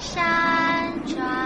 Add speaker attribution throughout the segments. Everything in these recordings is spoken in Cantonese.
Speaker 1: 山川。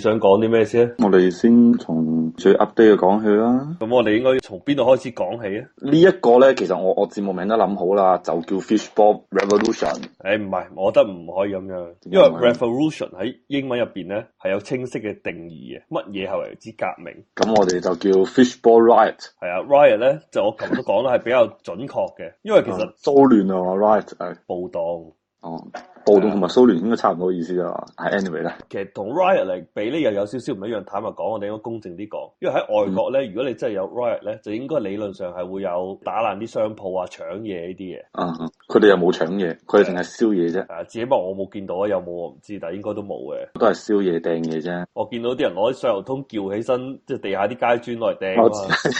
Speaker 2: 你想講啲咩先？我
Speaker 1: 哋先從最 update 嘅講起啦。
Speaker 2: 咁我哋應該從邊度開始講起
Speaker 1: 咧？呢一個咧，其實我我節目名都諗好啦，就叫 Fishball Revolution。誒、欸，唔係，
Speaker 2: 我覺得唔可以咁樣，因為
Speaker 1: Revolution 喺英文
Speaker 2: 入邊咧係有清晰嘅定義嘅，乜嘢係為之革命？咁我哋
Speaker 1: 就叫 Fishball Riot。
Speaker 2: 係啊，Riot 咧就我咁都講得係比較準確嘅，因為其實騷
Speaker 1: 亂啊嘛，Riot 係暴動。哦。暴動同埋蘇聯應該差唔多意思啊。係 anyway 咧，其
Speaker 2: 實同 riot 嚟比咧，又有少少唔一樣。坦白講，我哋應該公正啲講，因為喺外國咧，嗯、如果你真係有 riot 咧，就應該理論上係會有打爛啲商鋪啊、搶嘢呢啲嘢。嗯，
Speaker 1: 佢哋又冇搶嘢，佢哋淨係燒嘢啫。
Speaker 2: 啊，只不過我冇見到，啊，有冇我唔知，但係應該都冇嘅，都係燒嘢掟嘢啫。我見到啲人攞啲水喉通叫起身，即係地下啲街磚落嚟掟。我知，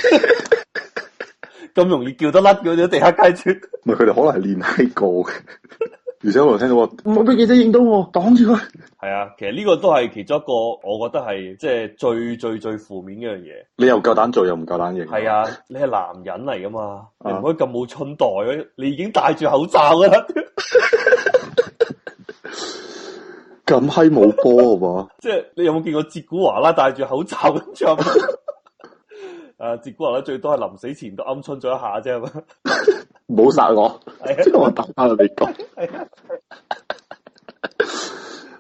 Speaker 1: 咁 容易叫得甩嗰啲地下街磚？ 唔係，佢哋可能係練起過。而且我又聽到我冇俾記者認到我，擋住佢。係
Speaker 2: 啊，其實呢個都係其中一個，我覺得係即係最最最負面一樣嘢。你又夠膽做，又唔夠膽認。係啊，你係男人嚟噶嘛？啊、你唔可以咁冇春袋，你已經戴住口罩啦。
Speaker 1: 咁閪冇波啊嘛？
Speaker 2: 即係你有冇見過杰古華拉，戴住口罩咁着？啊，杰古華拉最多係臨死前都鵪鶉咗一下啫嘛。
Speaker 1: 唔好殺我，即係 我打翻你講。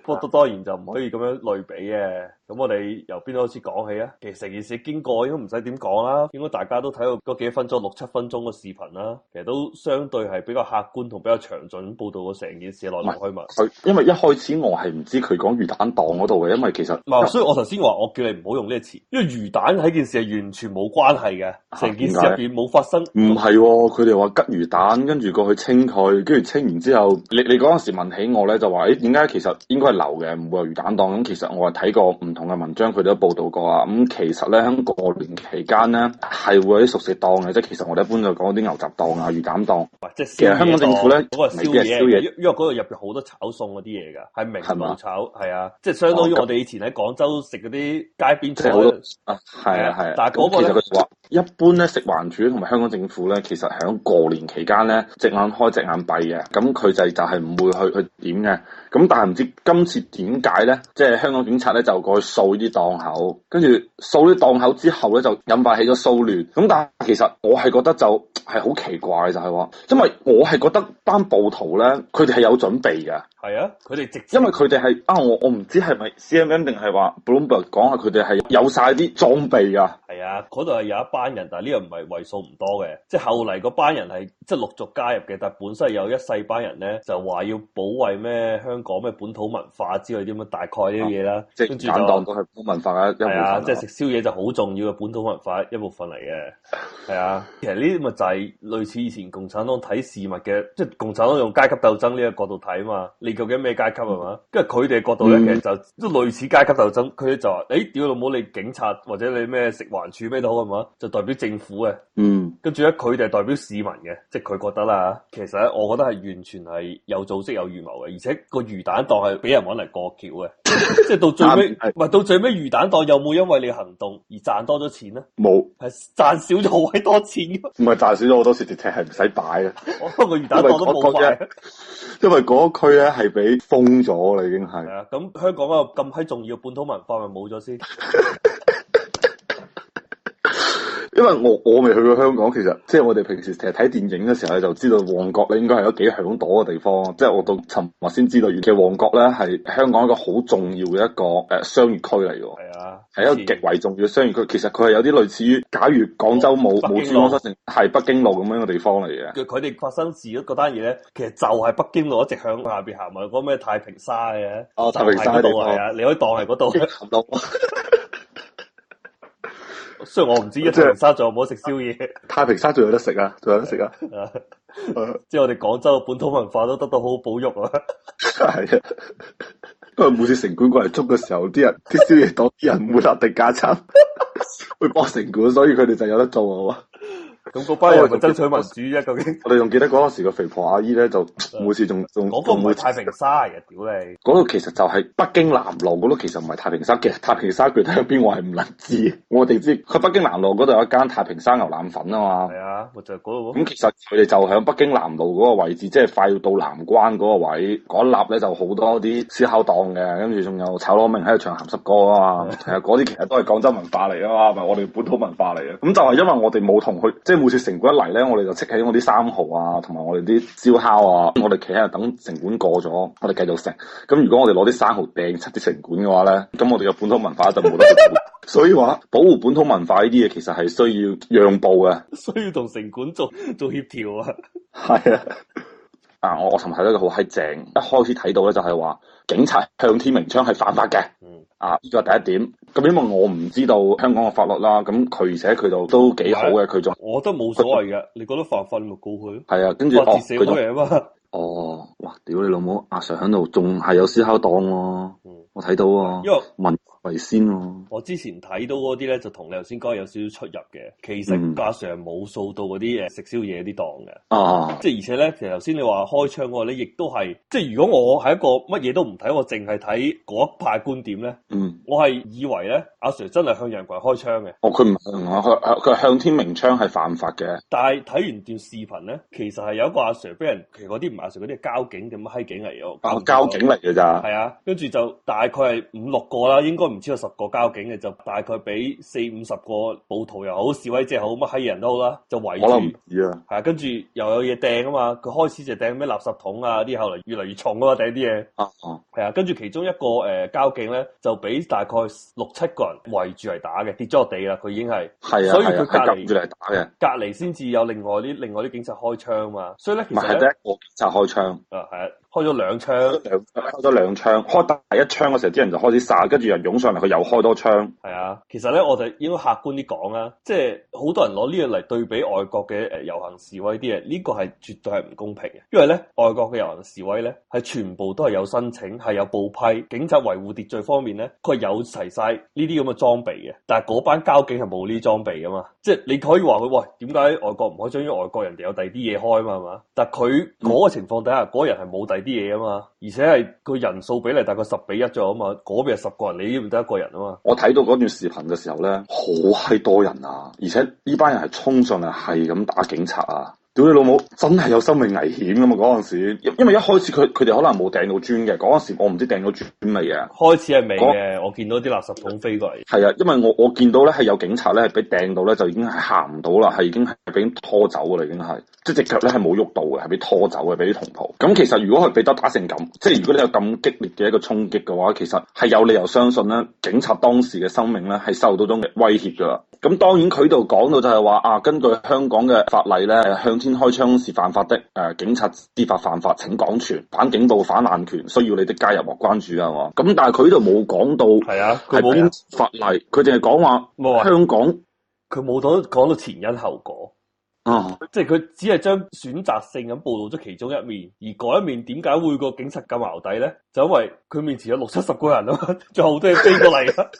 Speaker 2: 不過當然就唔可以咁 樣類比嘅。咁我哋由邊度開始講起啊？其實成件事經過應該唔使點講啦，應該大家都睇過嗰幾分鐘、六七分鐘嘅視頻啦。其實都相對係比較客觀同比較詳盡報道過成件事來龍是去脈。
Speaker 1: 因為一開始我係唔知佢講魚蛋檔嗰度嘅，因為其實是為，所以我
Speaker 2: 頭先話我叫你唔好用呢個詞，因為魚蛋喺件事係完全冇關
Speaker 1: 係嘅，成件事入邊
Speaker 2: 冇發生。唔係，
Speaker 1: 佢哋話吉魚蛋，跟住過去清佢，跟住清完之後，你你嗰陣時問起我咧，就話誒，點、欸、解其實應該係流嘅，唔會係魚蛋檔咁、嗯。其實我係睇過唔。同嘅文章佢都報道過啊，咁、嗯、其實咧喺過年期間咧，係會有啲熟食檔嘅，即係其實我哋一般就講啲牛雜檔啊、魚蛋檔，即係香港政府咧嗰野個宵夜，宵夜因
Speaker 2: 為嗰度入邊好多炒餸嗰啲嘢噶，係明爐炒，係嗎啊，即係相當於我哋以前喺廣州食嗰啲街邊好啊，係啊，係啊，啊啊但係嗰個其實佢
Speaker 1: 話。一般咧食環署同埋香港政府咧，其實喺過年期間咧，隻眼開隻眼閉嘅，咁佢就就係唔會去去點嘅。咁但係唔知今次點解咧，即係香港警察咧就過去掃啲檔口，跟住掃啲檔口之後咧就引發起咗騷亂。咁但係其實我係覺得就係好奇怪就係話，因為我係覺得班暴徒咧，佢哋係有準備嘅。係啊，佢哋直接，因為佢哋係啊，我我唔知係咪 C M M 定係話 Bloomberg 講下佢哋係有晒啲裝備啊。係啊，嗰度係有
Speaker 2: 一班人，但係呢個唔係為數唔多嘅，即係後嚟嗰班人係即係陸續加入嘅。但係本身係有一世班人咧，就話要保衛咩香港咩本土文化之類啲咁，大概呢啲嘢啦。即係、嗯、簡檔都係古文化啊，係啊，即係食宵夜就好重要嘅本土文化一部分嚟嘅。係 啊，其實呢啲咪就係類似以前共產黨睇事物嘅，即係共產黨用階級鬥爭呢個角度睇啊嘛。究竟咩階級係嘛？跟住佢哋嘅角度咧，其實就都類似階級鬥爭。佢哋就話：誒、欸，屌老母，你警察或者你咩食環署咩都好係嘛，就代表政府嘅。嗯， 跟住咧，佢哋係代表市民嘅，即係佢覺得啦。其實咧，我覺得係完全係有組織有預謀嘅，而且個魚蛋檔係俾人攞嚟過橋嘅。即係到最尾，唔係是到最尾魚蛋檔有冇因為你行動而賺多咗錢咧？冇有，係賺少咗好多錢 。
Speaker 1: 唔係賺少咗好多錢，直情係唔使擺啊！
Speaker 2: 不過魚蛋檔都冇嘅，
Speaker 1: 因為嗰區咧係俾封咗啦，已經係。咁
Speaker 2: 香港有咁閪重要嘅本土文化咪冇咗先？
Speaker 1: 因為我我未去過香港，其實即係我哋平時成日睇電影嘅時候就知道旺角咧應該係有幾響朵嘅地方。即係我到尋日先知道，其實旺角咧係香港一個好重要嘅一個誒商業區嚟嘅。係啊，係一個極為重要嘅商業區。其實佢係有啲類似於，假如廣州冇冇珠江新城，係北京路咁樣嘅地方嚟
Speaker 2: 嘅。佢哋發生事嗰單嘢咧，其實就係北京路一直向下邊行埋嗰咩太平沙嘅。哦，太平沙度係啊，你可以當係嗰度。 雖然我唔知是太平山仲有冇食宵夜，太平山仲有得食啊，仲有得食啊， 即係我哋廣州嘅本土文化都得到好好保育啊。係 啊 、
Speaker 1: 哎，都係每次城管過嚟捉嘅時候，啲 人啲宵夜檔啲人唔會立定價差， 會幫城管，所以佢哋就有得做啊。好
Speaker 2: 咁嗰班係咪爭取民主啫啊？究竟我哋
Speaker 1: 仲記得嗰陣時個肥婆阿姨咧，就每次仲仲講嗰個唔係太平沙
Speaker 2: 啊！屌你事，嗰
Speaker 1: 個其實就係北京南路嗰度，那個，其實唔係太平沙嘅。太平沙佢喺邊？我係唔能知。我哋知佢北京南路嗰度有一間太平沙牛腩粉啊嘛。係啊，就係嗰度。咁，那個，其實佢哋就喺北京南路嗰個位置，即就係是，快要到南關嗰個位嗰一立咧，就好多啲燒烤檔嘅，跟住仲有炒螺明喺度唱鹹濕歌啊嘛。係啊，嗰啲啊， 其實都係廣州文化嚟啊嘛，咪我哋本土文化嚟嘅。咁就係因為我哋冇同佢即係。每次城管一嚟咧，我哋就執起我啲生蠔啊，同埋我哋啲燒烤啊，我哋企喺度等城管過咗，我哋繼續食。咁如果我哋攞啲生蠔掟出啲城管嘅話咧，咁我哋嘅本土文化就冇得。 所以話保護本土文化呢啲嘢，其實係需要讓步嘅，
Speaker 2: 需 要同城管做做協調啊。 係啊。
Speaker 1: 啊！我我尋日睇到個好閪正，一開始睇到咧就係話警察向天鳴槍係犯法嘅。嗯。啊，呢個第一點。咁因為我唔知道香港嘅法律啦，咁佢寫佢就都幾好嘅，佢就。我都冇所謂嘅，
Speaker 2: 他你覺得犯法咪告佢咯。係啊，跟住哦，佢就。
Speaker 1: 還哦，哇！屌你老母，阿、啊、Sir 響度仲係有思考檔喎，嗯、我睇到喎、啊。因為為先咯，
Speaker 2: 我之前睇到嗰啲咧就同你頭先講有少少出入嘅，其實、嗯、阿 sir 冇掃到嗰啲誒食宵夜啲檔嘅，啊，即係而且咧，其實頭先你話開槍，你亦都係，即係如果我係一個乜嘢都唔睇，我淨係睇嗰一派觀點咧，嗯，我係以為咧阿 sir 真係向人群開槍嘅，哦，佢唔係我向佢向
Speaker 1: 天鳴槍係犯法嘅，
Speaker 2: 但係睇完段視頻咧，其實係有一個阿 sir 俾人，其實嗰啲唔係阿 sir，嗰啲係交警咁閪警嚟、啊、哦、啊，交警嚟嘅咋，係啊，跟住就大概係五六個啦，應該。唔知有十個交警嘅，就大概俾四五十個暴徒又好、示威者好、乜閪人都好啦，就圍住。可能唔止啊。係啊，跟住又有嘢掟啊嘛。佢開始就掟咩垃圾桶啊啲，後嚟越嚟越重啊嘛，掟啲嘢。哦哦、啊。啊，啊跟住其中一個誒、呃、交警咧，就俾大概六七個人圍住嚟打嘅，跌咗地啦，佢已經係。係啊。所以佢隔離先至有另外啲另外啲警察開槍嘛。所以咧，其實一個
Speaker 1: 警察開槍。誒係、啊。開咗兩槍，開咗兩槍，開大一槍嘅時候，啲人就開始殺，跟住人湧上嚟，佢又開多槍。係啊，其
Speaker 2: 實咧，我哋應該客觀啲講啊，即係好多人攞呢樣嚟對比外國嘅誒遊行示威啲嘢，呢個係絕對係唔公平嘅，因為咧外國嘅遊行示威咧係全部都係有申請，係有報批，警察維護秩序方面咧佢係有齊晒呢啲咁嘅裝備嘅，但係嗰班交警係冇呢啲裝備㗎嘛，即係你可以話佢喂，點解外國唔可以將啲外國人哋有第二啲嘢開啊嘛，係嘛？但係佢嗰個情況底下，嗰人係冇第。啲嘢啊嘛，而且係個人數比例大概十比一左右啊嘛，嗰邊係十個人，你呢邊得一個人啊嘛。
Speaker 1: 我睇到嗰段視頻嘅時候咧，好閪多人啊，而且呢班人係衝上嚟，係咁打警察啊。屌你老母！真係有生命危險㗎嘛？嗰陣時，因因為一開始佢佢哋可能冇掟到磚嘅。嗰陣時我唔知掟到磚未啊。開始係未嘅，
Speaker 2: 那我見到啲垃圾桶飛過
Speaker 1: 嚟。係啊，因為我我見到咧係有警察咧，係俾掟到咧就已經係行唔到啦，係已經係俾拖走㗎啦，已經係即係隻腳咧係冇喐到嘅，係俾拖走嘅，俾啲同袍。咁其實如果佢俾得打成咁，即係如果你有咁激烈嘅一個衝擊嘅話，其實係有理由相信咧，警察當時嘅生命咧係受到咗嘅威脅㗎。咁當然佢度講到就係話啊，根據香港嘅法例咧，向天開槍是犯法的。誒、呃，警察知法犯法，請廣傳，反警暴、反濫權，需要你的加入和關注嘛啊！我咁，但係佢度冇講到係邊法例，佢淨係講話香港，佢冇到講到
Speaker 2: 前因後果。即係佢只係將選擇性咁暴露咗其中一面，而嗰一面點解會個警察咁淆底咧？就因為佢面前有六七十個人啊，仲有好多嘢飛過嚟啊！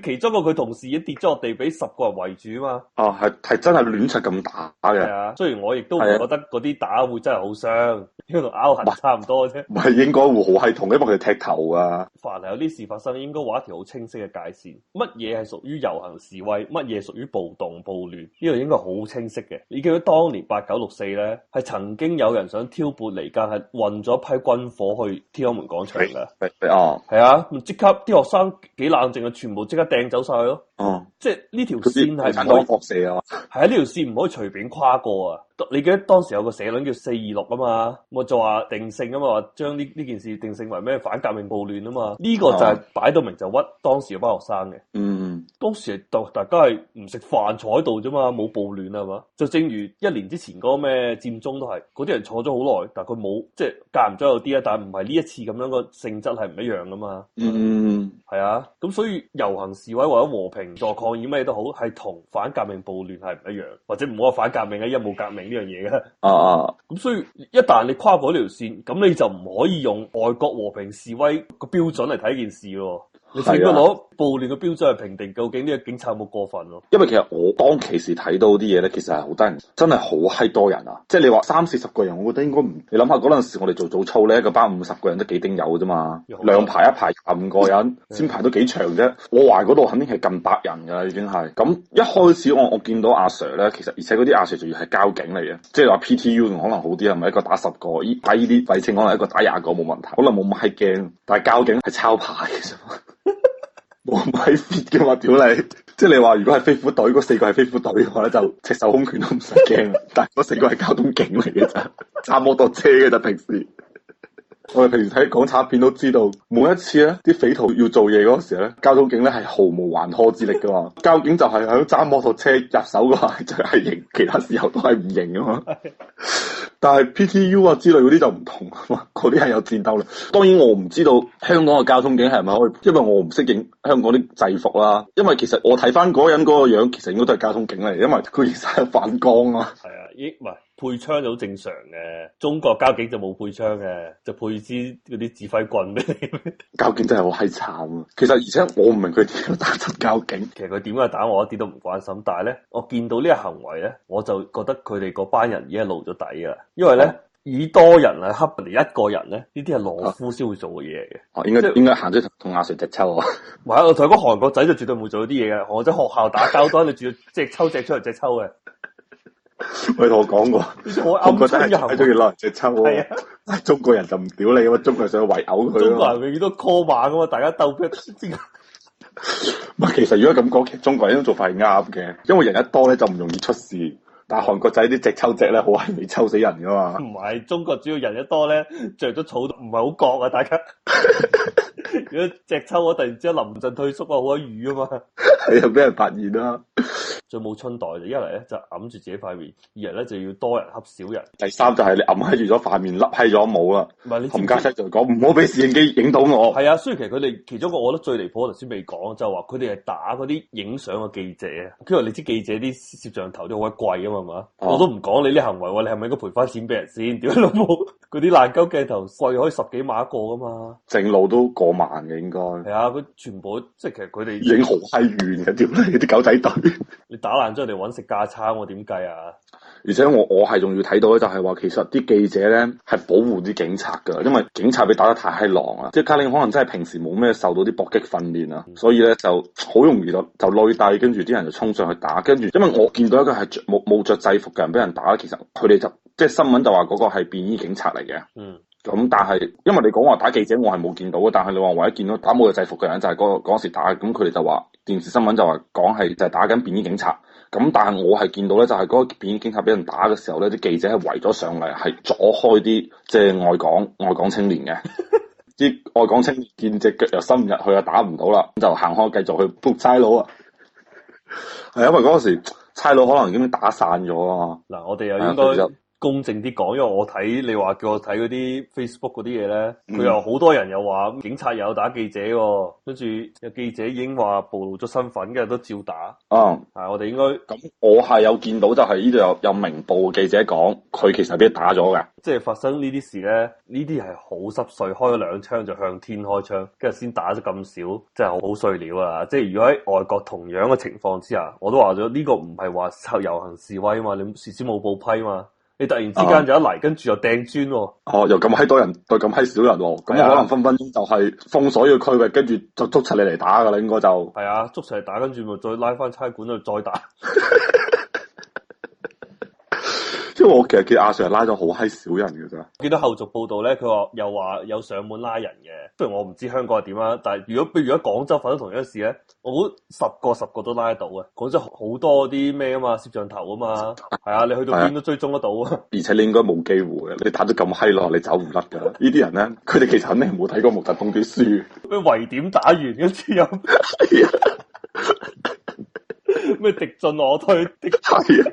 Speaker 2: 其中一個佢同事已經跌咗落地，俾十個人圍住啊嘛。
Speaker 1: 哦、啊，係係真係亂七咁打啊？
Speaker 2: 雖然我亦都唔覺得嗰啲打會真係好傷，喺度拗痕差唔多啫。唔係應該會好係同，因為佢
Speaker 1: 哋踢球啊。
Speaker 2: 凡係有啲事發生，應該畫一條好清晰嘅界線。乜嘢係屬於遊行示威，乜嘢屬於暴動暴亂？呢、這個應該好清晰嘅。當年八九六四咧，係曾經有人想挑撥離間，係運咗批軍火去天安門廣場噶。哦、嗯，係、嗯、啊，即刻啲學生幾冷靜啊，全部即刻掟走晒去咯。哦、嗯，即係呢條線係唔可以輻射啊嘛。係啊、嗯，呢、嗯嗯、條線唔可以隨便跨過啊。 你記得當時有個社論叫四二六啊嘛，我就話定性啊嘛，話將呢呢件事定性為咩反革命暴亂啊嘛。呢個就係擺到明就屈當時嗰班學生嘅。嗯當時係，大家係唔食飯坐喺度啫嘛，冇暴亂啊嘛。就正如一年之前嗰個咩佔中都係，嗰啲人坐咗好耐，但係佢冇即係隔唔咗有啲啊。但係唔係呢一次咁樣個性質係唔一樣噶嘛。
Speaker 1: 嗯，
Speaker 2: 係啊。咁所以遊行示威或者和平做抗議咩都好，係同反革命暴亂係唔一樣，或者唔好話反革命嘅，因冇革命呢樣嘢嘅。啊啊、uh。咁、huh. 所以一旦你跨過呢條線，咁你就唔可以用外國和平示威個標準嚟睇件事咯、啊。你睇佢攞暴亂嘅標準去評定，究竟呢個警察有冇過分咯？
Speaker 1: 因為其實我當其時睇到啲嘢咧，其實係好多人，真係好閪多人啊！即係你話三四十個人，我覺得應該唔你諗下嗰陣時，我哋做早操咧，一個班五十個人都幾丁友嘅啫嘛，好兩排一排五個人先排到幾長啫。我懷嗰度肯定係近百人㗎喇，已經係咁。一開始我我見到阿 Sir 咧，其實而且嗰啲阿 Sir 仲要係交警嚟嘅，即係話 PTU 可能好啲，係咪一個打十個？打依啲廢青可能一個打廿個冇問題，可能冇乜閪驚。但係交警係抄牌嘅啫。 我唔係 fit 嘅嘛，屌你！即你話，如果係飛虎隊嗰四個係飛虎隊嘅話咧，就赤手空拳都唔使驚。 但係嗰四個係交通警嚟嘅啫，揸摩托車嘅就平時。我哋平時睇港產片都知道，每一次咧啲匪徒要做嘢嗰時咧，交通警咧係毫無還手之力噶嘛。交警 就係喺揸摩托車入手嘅話，就係、是、型；其他時候都係唔型噶嘛。 但係 PTU 啊之類嗰啲就唔同嘛，嗰啲係有戰鬥力啦。當然我唔知道香港嘅交通警係咪可以，因為我唔識認香港啲制服啦。因為其實我睇翻嗰人嗰個樣，其實應該都係交通警嚟，因為佢反光啊。係啊。
Speaker 2: 咦，唔係配槍就好正常嘅，中國交警就冇配槍嘅，就配支嗰啲指揮棍俾你。
Speaker 1: 交警真係好閪慘啊！其實而且我唔明佢點樣打
Speaker 2: 出交警。其實佢點樣打我一啲都唔關心，但係咧，我見到呢個行為咧，我就覺得佢哋嗰班人已經露咗底啊！
Speaker 1: 因為咧，
Speaker 2: 以多人嚟黑你一個人咧，呢啲係懦夫先會做嘅嘢嘅。哦，應該應該行咗
Speaker 1: 同阿 Sir 隻抽
Speaker 2: 啊？係，我同嗰韓國仔就絕對唔會做啲嘢嘅。我喺學校打交嗰陣，你主要即係抽隻出嚟隻抽嘅。
Speaker 1: 佢同 我講過，
Speaker 2: 我覺得中意攞人隻
Speaker 1: 抽，係啊中，中國人就唔屌你吖嘛，中國人想圍毆佢。中國人永
Speaker 2: 遠都 call 慢噶嘛，大家鬥咩？
Speaker 1: 其實如果咁講，中國人做法係啱嘅，因為人一多咧就唔容易出事。但係韓國仔啲直抽隻咧，好係未抽死人噶嘛。
Speaker 2: 唔係，中國主要人一多咧，着咗草唔係好覺啊，大家。 如隻抽我突然之間臨陣退縮啊，好閪瘀啊嘛，係啊，俾人發現啦。 最冇春袋一呢就一嚟咧就揞住自己塊面，二嚟咧就要多人恰少人。
Speaker 1: 第三就係你揞喺住咗塊面，甩喺咗帽啦。唔係，你同家姐就講唔好俾攝影機影到我。係 啊，
Speaker 2: 雖然其實佢哋其中一個我覺得最離譜，頭先未講就係話佢哋係打嗰啲影相嘅記者，因為你知記者啲攝像頭都好鬼貴啊嘛，係嘛，我都唔講你啲行為喎，你係咪應該賠翻錢俾人先？點解老母嗰啲爛鳩鏡頭貴可以十幾萬一個噶嘛？
Speaker 1: 正路都過。好慢嘅，應該
Speaker 2: 係啊！佢全部即係其實佢哋影好閪遠
Speaker 1: 嘅，啲 啲狗仔隊 ，
Speaker 2: 你打爛咗，嚟揾食架撐，我
Speaker 1: 點計啊？啊而且我我係仲要睇到咧，就係話其實啲記者咧係保護啲警察㗎，嗯、因為警察被打得太閪狼啊！嗯、即係卡令可能真係平時冇咩受到啲搏擊訓練啊，嗯、所以咧就好容易就就內帶，跟住啲人就衝上去打。跟住因為我見到一個係冇冇著制服嘅人俾人打，其實佢哋就即係新聞就話嗰個係便衣警察嚟嘅。嗯。嗯。咁但係，因為你講話打記者，我係冇見到嘅。但係你話唯一見到打冇嘅制服嘅人就、嗰個，嗰個、就係嗰嗰時打，咁佢哋就話電視新聞就話講係就係打緊便衣警察。咁但係我係見到咧，就係嗰便衣警察俾人打嘅時候咧，啲記者係圍咗上嚟，係阻開啲即係外港外港青年嘅啲 外港青年，見隻腳又伸唔入去，又打唔到啦，咁就行開繼續去撲差佬啊。係因為嗰時差佬可能已經打散咗啊嘛。
Speaker 2: 嗱、 嗯，我哋又應該。
Speaker 1: 公正啲講，因為我睇
Speaker 2: 你話叫我睇嗰啲 Facebook 嗰啲嘢咧，佢又好多人又話警察又有打記者喎。哦，跟住有記者已經話
Speaker 1: 暴露咗身份跟住都照打。嗯，係我哋應該咁，嗯、我係有見到就係呢度有有明報記者講，佢其實俾打咗嘅。即係發生呢啲事咧，
Speaker 2: 呢啲係好濕碎，開咗兩槍就向天開槍，跟住先打咗咁少，即係好碎料啊！即係如果喺外國同樣嘅情況之下，我都話咗呢個唔係話遊行示威啊嘛，你事先冇報批嘛。你突然之間就一嚟，啊、跟住又掟磚喎。
Speaker 1: 哦，啊、又咁閪多人對咁閪少人、哦，咁、啊、可能分分鐘就係封鎖呢個區域，跟住就捉齊你嚟打㗎喇，應該就係
Speaker 2: 啊，捉齊嚟打，跟住咪再拉翻差館度再打。
Speaker 1: 因為我其實見阿 Sir 拉咗好閪少人嘅啫。見到後續報道
Speaker 2: 咧，佢話又話有上門拉人嘅。雖然我唔知香港係點啊，但係如果譬如如果廣州發生同樣嘅事咧，我估十個十個都拉得到嘅。廣州好多啲咩啊嘛，攝像頭啊嘛，係 啊，你去到邊都追蹤得到、啊
Speaker 1: 啊。而且你應該冇機會嘅，你打得咁閪耐，你走唔甩㗎。 呢啲人咧，佢哋其實肯定冇睇過毛澤東啲書，佢圍 點打圓嗰啲咁。 咩？敵進我退，敵退啊！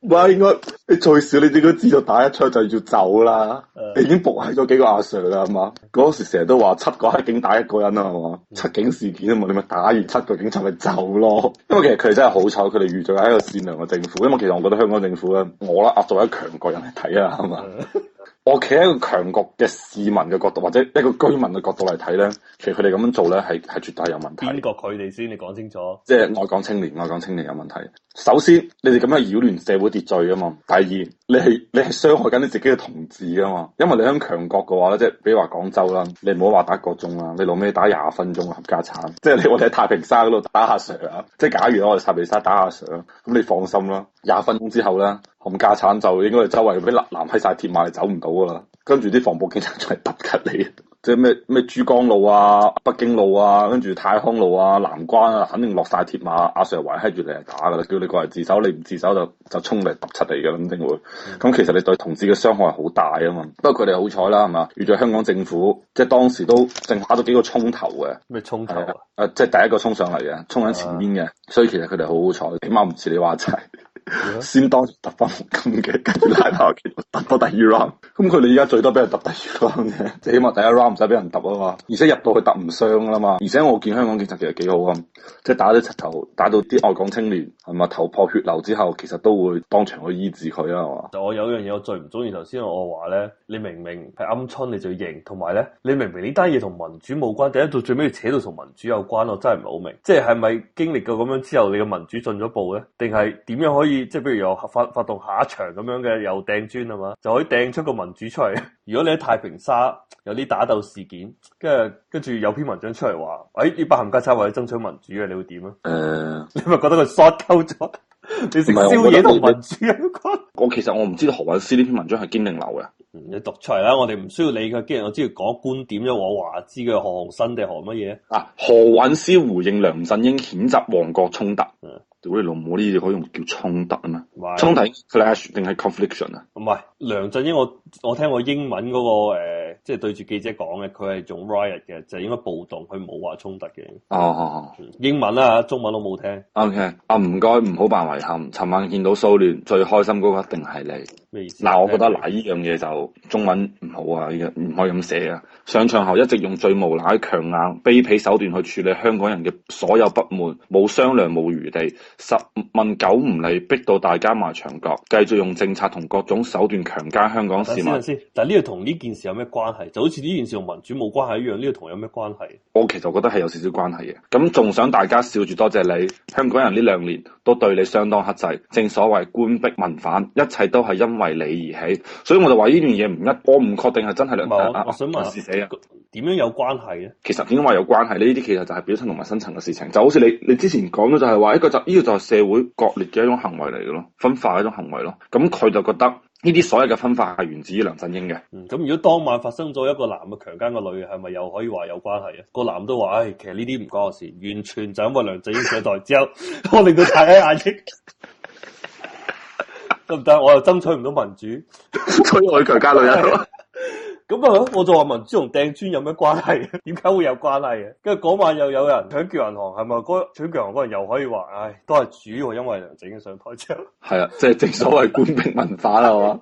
Speaker 1: 唔該， 你最少你應該知道打一槍就要走啦。Uh, 你已經伏喺咗幾個阿 Sir 啦，係嘛？嗰、uh huh. 時成日都話七個黑警打一個人啦，係嘛？七警事件啊嘛，你咪打完七個警察咪走咯。因為其實佢哋真係好醜，佢哋遇咗係一個善良嘅政府。因為其實我覺得香港政府咧，我啦啊做一強國人嚟睇啦，係嘛？Uh huh. 我企喺一個強國嘅市民嘅角度，或者一個居民嘅角度嚟睇咧，其實，佢哋咁樣做咧，系係絕對係有問
Speaker 2: 題。邊個佢哋先，你講清楚。
Speaker 1: 即係我講青年，我講青年有問題。首先，你哋咁樣擾亂社會秩序啊嘛。第二，你係你係傷害緊你自己嘅同志啊嘛。因為你響強國嘅話咧，即係比如話廣州啦，你唔好話打一個鐘啦，你攞咩打廿分鐘啊？合家產。即係我哋喺太平沙嗰度打下相，即係假如我哋太平沙打下相，咁你放心啦。廿分鐘之後咧，冚家鏟就應該係周圍俾南閂晒鐵馬，走唔到噶啦。跟住啲防暴警察就係揼吉你，即係咩咩珠江路啊、北京路啊、跟住泰康路啊、南關啊，肯定落晒鐵馬。阿 sir 圍閂住嚟係打噶啦，叫你過嚟自首，你唔自首就就衝嚟揼出嚟嘅，肯定會。咁其實你對同志嘅傷害係好大啊嘛。不過佢哋好彩啦，係嘛？遇著香港政府，即係當時都淨打咗幾個衝頭嘅咩衝頭啊，啊？即係第一個衝上嚟嘅，衝喺前面嘅，啊、所以其實佢哋好好彩，起碼唔似你話齋。 先當揼翻黃金嘅，跟住大炮，跟住揼到第二 round。咁佢哋而家最多俾人揼第二 round 嘅，即係起碼第一 round 唔使俾人揼啊嘛。而且入到去揼唔傷噶啦嘛。而且我見香港警察其實幾好啊，即係打咗柒頭，打到啲外港青年係嘛頭破血流之後，其實都會當場去醫治佢啊嘛。
Speaker 2: 就我，我有一樣嘢我最唔中意，頭先我話咧，你明明係暗春，你就要認，同埋咧，你明明呢單嘢同民主冇關，第一度最尾要扯到同民主有關，我真係唔係好明。即係係咪經歷過咁樣之後，你嘅民主進咗步咧？定係點樣可以？即係譬如又發發動下一場咁樣嘅，有掟磚係嘛，就可以掟出個民主出嚟。如果你喺太平沙有啲打鬥事件，跟住跟住有篇文章出嚟話：哎，啲不幸家賊為咗爭取民主嘅，你會點啊？呃、你咪覺得佢 short 咗？你食宵夜同民
Speaker 1: 主啊？我其實我唔知道何韻詩呢篇文章係堅定流嘅，嗯。
Speaker 2: 你讀出嚟啦，我哋唔需要理佢，既然我知要講觀點啫。我話知佢何鴻燊定何乜嘢
Speaker 1: 啊？何韻詩回應梁振英譴責旺角衝突。嗯做啲龍，我呢啲可以用叫衝突啊嘛，衝突 flash 定係 confliction 啊？唔係
Speaker 2: 梁振英，我我聽過英文嗰個誒，即係對住記者講嘅，佢係做 riot 嘅，就應該暴動，佢冇話衝突嘅。哦，英文啦，中文都冇聽。
Speaker 1: O K 啊，唔該，唔好扮遺憾。尋晚見到蘇聯最開心嗰個一定係你。
Speaker 2: 咩意思？嗱，我覺得嗱
Speaker 1: 呢樣嘢就中文唔好啊，唔可以咁寫啊。上場後一直用最無賴、強硬、卑鄙手段去處理香港人嘅所有不滿，冇商量，冇餘地。十問九唔理，逼到大家埋牆角，繼續用政策同各種手段強姦香港市民。等等
Speaker 2: 等等，但呢個同呢件事有咩關係？就好似呢件事同民主冇關係一樣，呢、這個同有咩關係？
Speaker 1: 我其實覺得係有少少關係嘅。咁仲想大家笑住多謝你，香港人呢兩年都對你相當克制，正所謂官逼民反，一切都係因為你而起，所以我就話呢段嘢唔一波確，我唔確定係真係兩派啊。我想問。啊啊啊
Speaker 2: 點樣有關係咧？
Speaker 1: 其實點解話有關係咧？呢啲其實就係表層同埋深層嘅事情，就好似你你之前講嘅，就係話一個就呢個就係社會割裂嘅一種行為嚟嘅咯，分化嘅一種行為咯。咁佢就覺得呢啲所有嘅分化係源自於梁振英嘅。嗯，咁、嗯、如果當
Speaker 2: 晚發生咗一個男嘅強姦個女嘅，係咪又可以話有關係啊？個男都話，唉、哎，其實呢啲唔關我事，完全就因為梁振英上台之後，我令到太壓抑，得唔得？我又爭取唔到民主，所以我去強姦女人。 啊咁啊、嗯！我就話民主同掟磚有咩關係？點解會有關係嘅？跟住嗰晚又有人搶劫銀行，係咪嗰搶劫銀行嗰人又可以話唉、哎？都係主要因為整上台張係啊！即、就、
Speaker 1: 係、是、正所謂官逼民反啦，係嘛？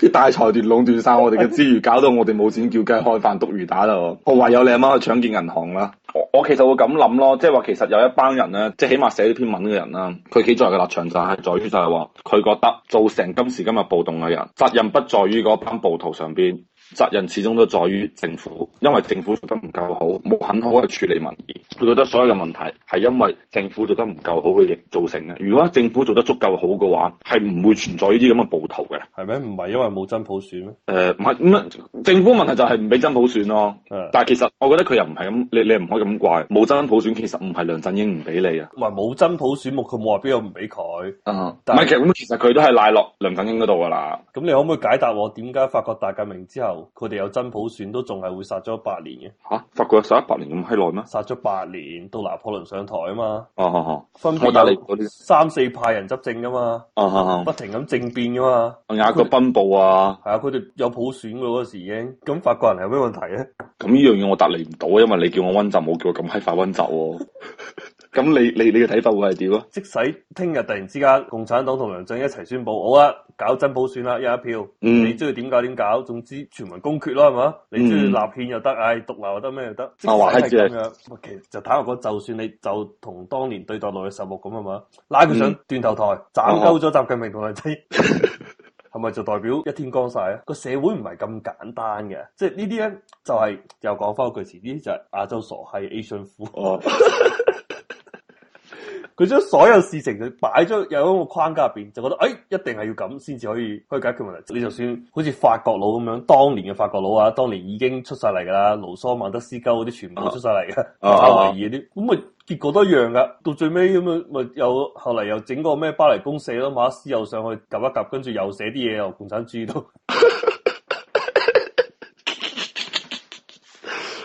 Speaker 1: 啲大財團壟斷晒我哋嘅資源，搞到我哋冇錢叫雞、開飯、督魚打啦！我話有你阿媽去搶劫銀行啦！我我其實會咁諗咯，即係話其實有一班人咧，即係起碼寫呢篇文嘅人啦，佢企喺嘅立場就係在於就係話，佢覺得造成今時今日暴動嘅人，責任不在於嗰班暴徒上邊。責任始終都在於政府，因為政府做得唔夠好，冇很好去處理民意。佢覺得所有嘅問題係因為政府做得唔夠好去造成嘅。如果政府做得足夠好嘅話，係唔會存在呢啲咁嘅暴徒嘅。
Speaker 2: 係咪？唔係因為冇真普選咩？
Speaker 1: 誒，唔係咁啊！政府問題就係唔俾真普選咯、啊。誒的，但係其實我覺得佢又唔係咁，你你唔可以咁怪。冇真普選其實唔係梁振英唔俾你啊。話冇真普選，冇佢冇話邊
Speaker 2: 個唔俾佢。啊、嗯，
Speaker 1: 唔係但其實咁，其實佢都係賴落梁振英嗰度噶啦。
Speaker 2: 咁你可唔可以解答我點解法國大革命之後？佢哋有真普選都仲係會殺咗一百年嘅
Speaker 1: 吓、啊？法國殺一百年咁閪耐咩？
Speaker 2: 殺咗八年到拿破崙上台啊嘛！
Speaker 1: 哦哦哦，分別
Speaker 2: 有三四派人執政噶嘛！哦、啊、不停咁政變噶嘛？啊個
Speaker 1: 兵暴啊！
Speaker 2: 係啊，佢哋有普選噶嗰時已經咁法國人係有咩問題咧？
Speaker 1: 咁呢樣嘢我答你唔到，因為你叫我溫習，冇叫我咁閪快溫習、啊。 咁你你你嘅睇法會係點啊？
Speaker 2: 即使聽日突然之間共產黨同梁振英一齊宣布，好啊，搞真普選啦，一票，嗯、你中意點搞點搞，總之全民公決啦，係嘛？你中意立憲又得，唉、哎，獨立又得，咩又得？即係，話係咁樣，我我其實就坦白講，就算你就同當年對待路易十六咁係嘛，拉佢上斷頭台，斬鳩咗習近平同梁振英，係咪、哦、 就代表一天光晒啊？這個社會唔係咁簡單嘅，即係呢啲咧就係、是、又講翻嗰句詞，呢啲就係、是、亞洲傻閪 Asian 富。As 佢將所有事情佢擺咗入一個框架入邊，就覺得誒、哎，一定係要咁先至可以可以解決問題。你就算好似法國佬咁樣，當年嘅法國佬啊，當年已經出晒嚟噶啦，盧梭、孟德斯鳩嗰啲全部都出晒嚟嘅，歐維爾啲，咁啊，啊，啊結果都一樣噶。到最尾，咁啊，咪有後嚟又整個咩巴黎公社咯，馬克思又上去夾一夾，跟住又寫啲嘢又共產主義都。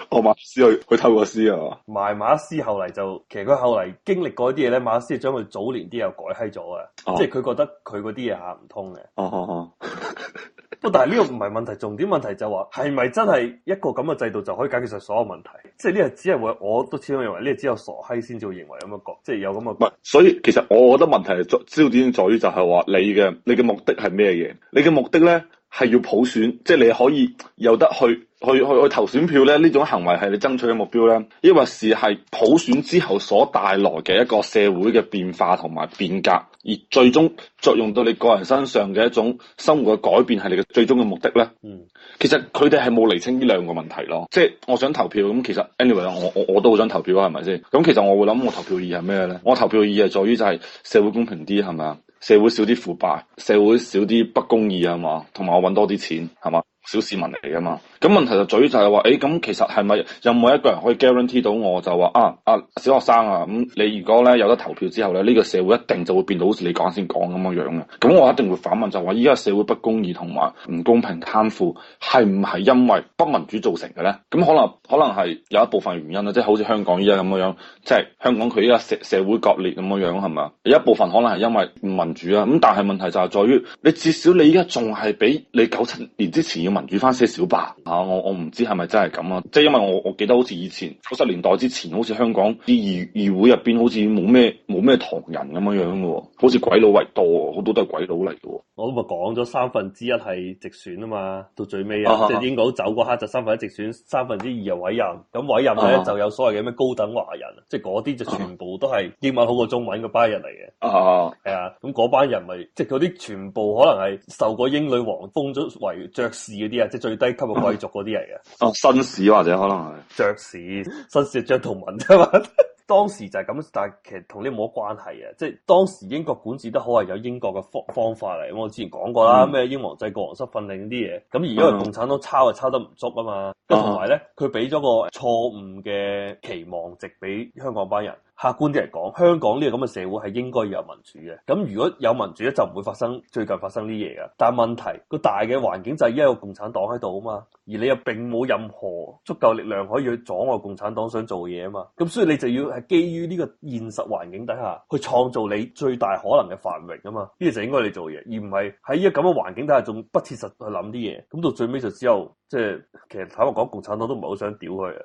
Speaker 1: 哦，馬斯去去偷個屍啊？
Speaker 2: 嘛？埋馬斯後嚟就，其實佢後嚟經歷過啲嘢咧，馬斯將佢早年啲又改閪咗嘅，啊、即係佢覺得佢嗰啲嘢行唔通嘅。哦哦哦。啊、 不過，但係呢個唔係問題，重點問題就話係咪真係一個咁嘅制度就可以解決晒所有問題？即係呢個只係我我都始終認為呢個只有傻閪先至會認為咁嘅角，即係有咁嘅。唔
Speaker 1: 係，所以其實我覺得問題在焦點在於就係話你嘅你嘅目的係咩嘢？你嘅目的咧？係要普選，即係你可以有得去去去去投選票咧。呢種行為係你爭取嘅目標咧，抑或是係普選之後所帶來嘅一個社會嘅變化同埋變革，而最終作用到你個人身上嘅一種生活嘅改變係你嘅最終嘅目的咧。嗯，其實佢哋係冇厘清呢兩個問題咯。即係我想投票咁，其實 anyway 我我我都好想投票啦，係咪先？咁其實我會諗我投票意義係咩咧？我投票意義係在於就係社會公平啲，係咪啊？社會少啲腐敗，社會少啲不公義啊嘛，同埋我揾多啲錢，係嘛？小市民嚟噶嘛？咁問題就在於，就係話，誒咁其實係咪有冇一個人可以 guarantee 到我就話啊啊小學生啊咁、嗯，你如果咧有得投票之後咧，呢、這個社會一定就會變到好似你啱先講咁嘅樣嘅。咁我一定會反問就話，依家社會不公義同埋唔公平貪腐，係唔係因為不民主造成嘅咧？咁可能可能係有一部分原因啦，即係好似香港依家咁嘅樣，即係香港佢依家社社會割裂咁嘅樣係咪有一部分可能係因為唔民主啊，咁但係問題就係在於，你至少你依家仲係比你九七年之前。民主翻少少吧嚇！我我唔知係咪真係咁啊！即係因為我我記得好似以前九十年代之前，好似香港啲議議會入邊好似冇咩冇咩唐人咁樣樣嘅喎，好似鬼佬為多，好多都係鬼佬嚟嘅
Speaker 2: 喎。我都咪講咗三分之一係直選啊嘛，到最尾啊，啊啊即係英國走嗰刻就三分一直選，三分之二又委任。咁委任咧就有所謂嘅咩高等華人啊啊即係嗰啲就全部都係英文好過中文嗰、啊啊啊、班人嚟嘅。哦，係啊，咁嗰班人咪即係嗰啲全部可能係受過英女王封咗為爵士。啲啊，即最低級嘅貴族嗰啲嚟嘅，
Speaker 1: 啊，紳士或者可能係
Speaker 2: 爵士，紳士著同文啊嘛， 當時就係咁，但係其實同你冇乜關係嘅，即當時英國管治得好係有英國嘅方方法嚟，咁我之前講過啦，咩、嗯、英皇制、國王室訓令嗰啲嘢，咁而家個共產黨抄啊，抄得唔足啊嘛。同埋咧，佢俾咗個錯誤嘅期望值俾香港班人。客觀啲嚟講，香港呢個咁嘅社會係應該有民主嘅。咁如果有民主咧，就唔會發生最近發生啲嘢㗎。但係問題個大嘅環境就係依一個共產黨喺度啊嘛，而你又並冇任何足夠力量可以去阻礙共產黨想做嘢啊嘛。咁所以你就要係基於呢個現實環境底下，去創造你最大可能嘅繁榮啊嘛。呢個就應該你做嘢，而唔係喺依個咁嘅環境底下仲不切實去諗啲嘢。咁到最尾就只有即係其實講共產黨都唔係好想屌佢啊，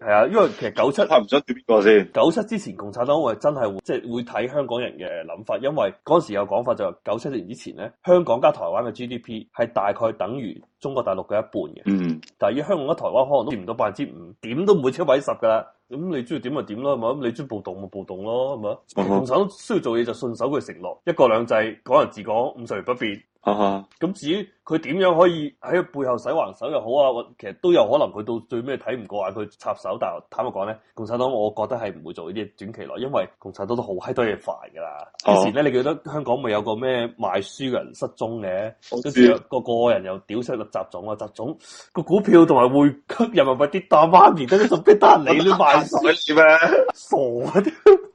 Speaker 2: 係啊，因為其實九七係唔想屌我先。九七之前共產黨我係真係會即係、就是、會睇香港人嘅諗法，因為嗰陣時有講法就係九七年之前咧，香港加台灣嘅 G D P 係大概等於中國大陸嘅一半嘅。嗯， 但係以香港、台灣可能都佔唔到百分之五，點都唔會超過百分之十噶啦。咁你中意點咪點咯，係嘛？咁你中意暴動咪暴動咯，係咪？ 共產黨需要做嘢就順手去承諾一國兩制，港人治港，五十年不變。啊咁至於佢點樣可以喺背後使橫手又好啊，其實都有可能佢到最尾睇唔過眼佢插手，但係坦白講咧，共產黨我覺得係唔會做呢啲短期內，因為共產黨都好閪多嘢煩噶啦。之前咧，你記得香港咪有個咩賣書嘅人失蹤嘅，跟住像個個人又屌出個習總啊，習總個股票同埋匯兌人民幣啲大媽咪，跟住仲逼得你都賣書咩？
Speaker 1: 傻嘅瓜！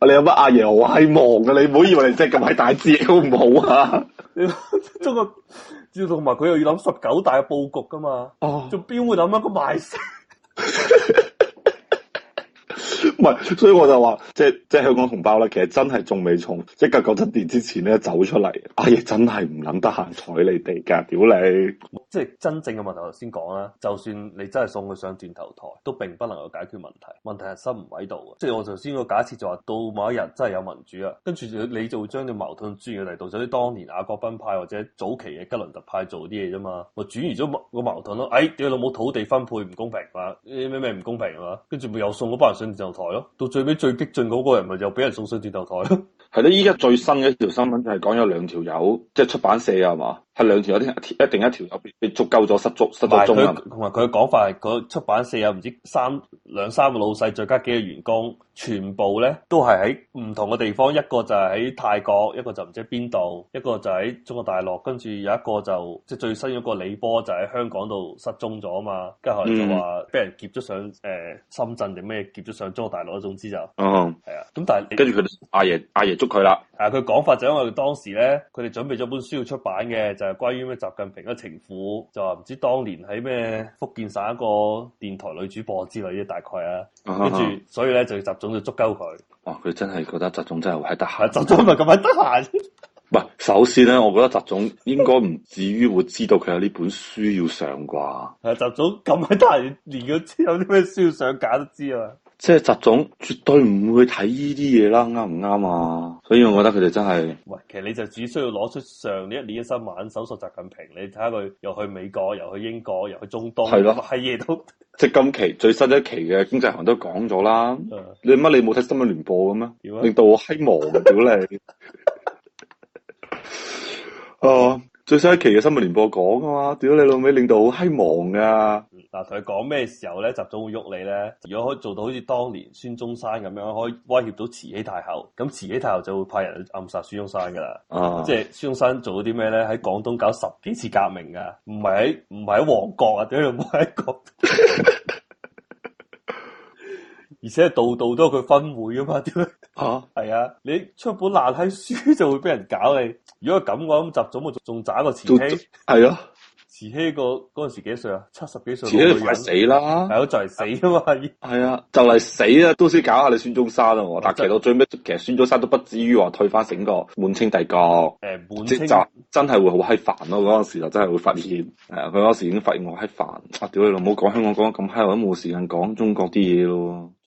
Speaker 1: 我你有乜阿爺我係忙噶，你唔好以為你真係咁係大志好唔好啊？
Speaker 2: 你中國知道同埋佢又要諗十九大嘅布局噶嘛？仲邊會諗一個賣食？
Speaker 1: 所以我就話，即係即係香港同胞咧，其實真係仲未從即係九七年之前咧走出嚟。阿、哎、爺真係唔諗得閒睬你哋㗎，屌你！
Speaker 2: 即係真正嘅問題，頭先講啦。就算你真係送佢上斷頭台，都並不能夠解決問題。問題係心唔喺度。即係我頭先個假設就話，到某一日真係有民主啊，跟住你就就將啲矛盾轉去嚟到咗啲當年雅各賓派或者早期嘅吉倫特派做啲嘢啫嘛，我轉移咗個矛盾咯。哎，屌你老母土地分配唔公平嘛？咩咩唔公平嘛？跟住咪又送嗰班人上斷頭台。到最尾最激進嗰個人咪又俾人送上斷頭台咯，
Speaker 1: 係咯，依家最新嘅一條新聞就係講有兩條友，即出版社啊嘛。係兩條有啲一定一條入邊你足夠咗十足十個鐘，
Speaker 2: 同埋佢嘅講法係，佢出版社有唔知三兩三個老細，再加幾個員工，全部咧都係喺唔同嘅地方。一個就係喺泰國，一個就唔知邊度，一個就喺中國大陸。跟住有一個就即係最新一個李波就喺香港度失蹤咗啊嘛。跟住後就話俾人劫咗上誒、呃、深圳定咩劫咗上中國大陸。總之就是，嗯，係啊。咁但係跟住
Speaker 1: 佢哋，阿爺阿爺捉佢啦。誒，佢講、啊、法就因為
Speaker 2: 當時咧，佢哋準備咗本書要出版嘅，就係、是、關於咩習近平嘅情婦，就話唔知當年喺咩福建省一個電台女主播之類嘅大概啊，跟住、啊啊、所以咧就習總就捉鳩佢。
Speaker 1: 哇、啊，佢真係覺得習總真係好喺得閒，習、啊、總咪咁喺得閒。唔係，首先咧，我覺得習總應該唔至於會知道佢有呢本書要上啩。誒、
Speaker 2: 啊，習總咁喺得閒，連佢有啲咩書要上，假都知啊。
Speaker 1: 即係習總絕對唔會睇呢啲嘢啦，啱唔啱啊？所以我覺得佢哋真係，
Speaker 2: 喂，其實你就只需要攞出上一年嘅新聞搜索習近平，你睇下佢又去美國，又去英國，又去中東，係咯的，係
Speaker 1: 嘢都 即係今期最新一期嘅經濟行都講咗啦。你乜你冇睇新聞聯播嘅咩？啊、令到我希望。忘屌你啊！最新一期嘅《新聞聯播》講啊嘛，屌你老味，領導好閪忙啊！
Speaker 2: 嗱、嗯，同佢講咩時候咧？習總會喐你咧？如果可以做到好似當年孫中山咁樣，可以威脅到慈禧太后，咁慈禧太后就會派人暗殺孫中山噶啦。即係、啊、孫中山做咗啲咩咧？喺廣東搞十幾次革命啊！唔係喺唔係喺旺角啊？屌你老喺國。 而且度度都係佢分會噶嘛？點吓？係啊，啊！你出本難睇書就會俾人搞你。如果咁嘅話咁習總，咪仲仲渣一個慈禧係咯？啊、慈禧、那個嗰陣時幾歲，幾歲啊？七十幾歲。慈禧就嚟死啦！係咯，就嚟死啊
Speaker 1: 嘛！係啊，就嚟死啊！都先搞下你孫中山啊！但其實我最尾，其實孫中山都不至於話退翻整個滿清帝國。誒、欸、滿清真真係會好閪煩咯。嗰陣時就真係會、啊、會發現。誒、嗯，佢嗰、啊、時已經發現我閪煩啊！屌你老母，講香港講得咁閪，我都冇時間講中國啲嘢咯。